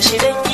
ashirin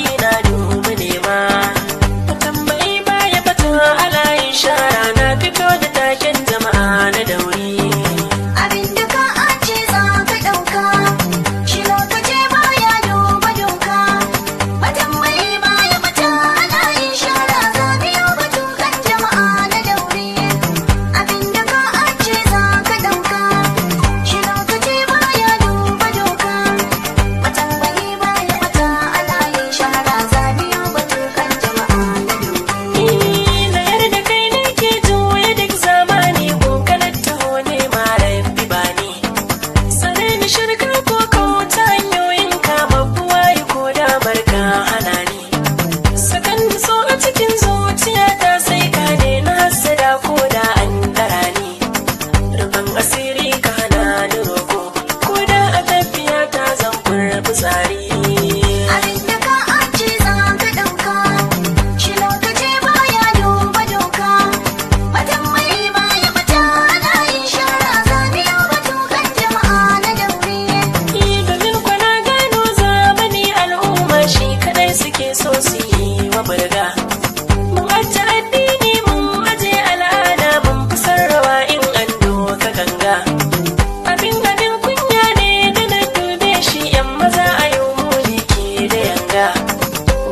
ta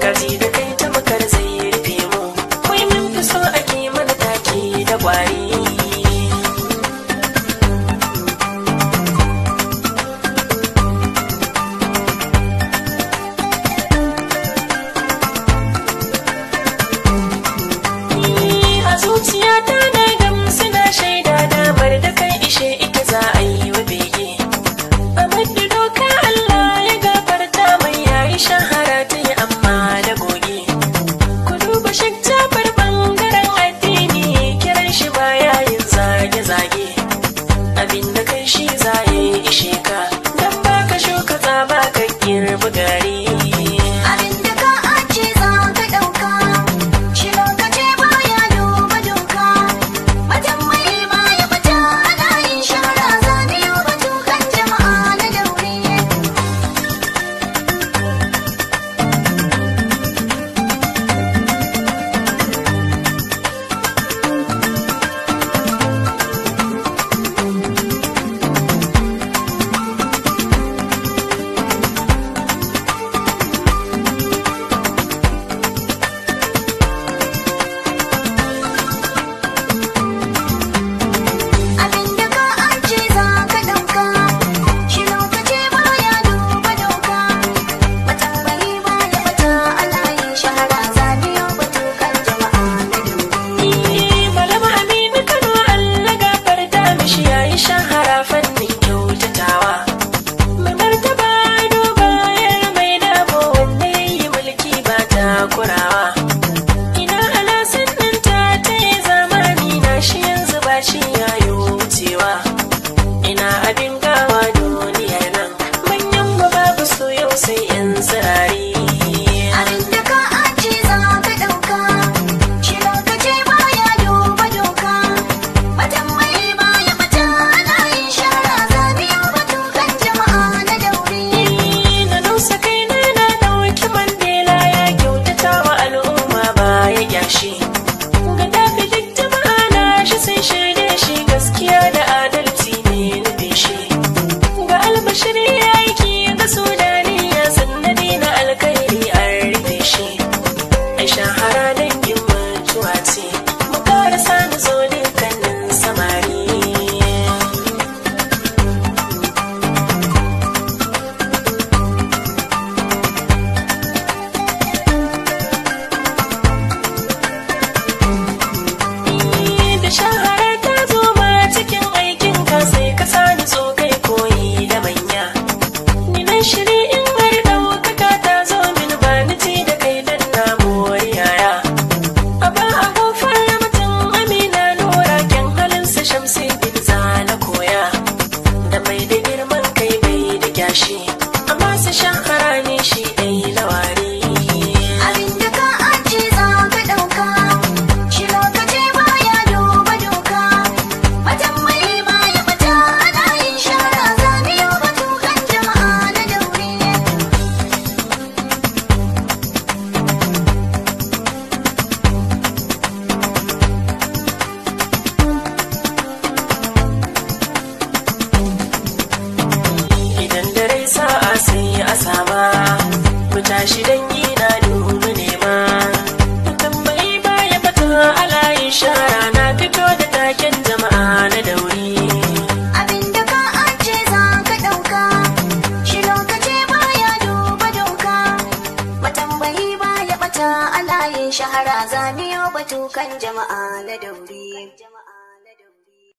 gaji da she wucewa ina abin shi dangi na dubu nema tambayi baya fata alayin shara na fito da taken jama'a na dauri abinda ka ace za ka dauka shi lokaci baya duba doka matambayi baya bata alayin shahara zaniyo batukan jama'a na dauri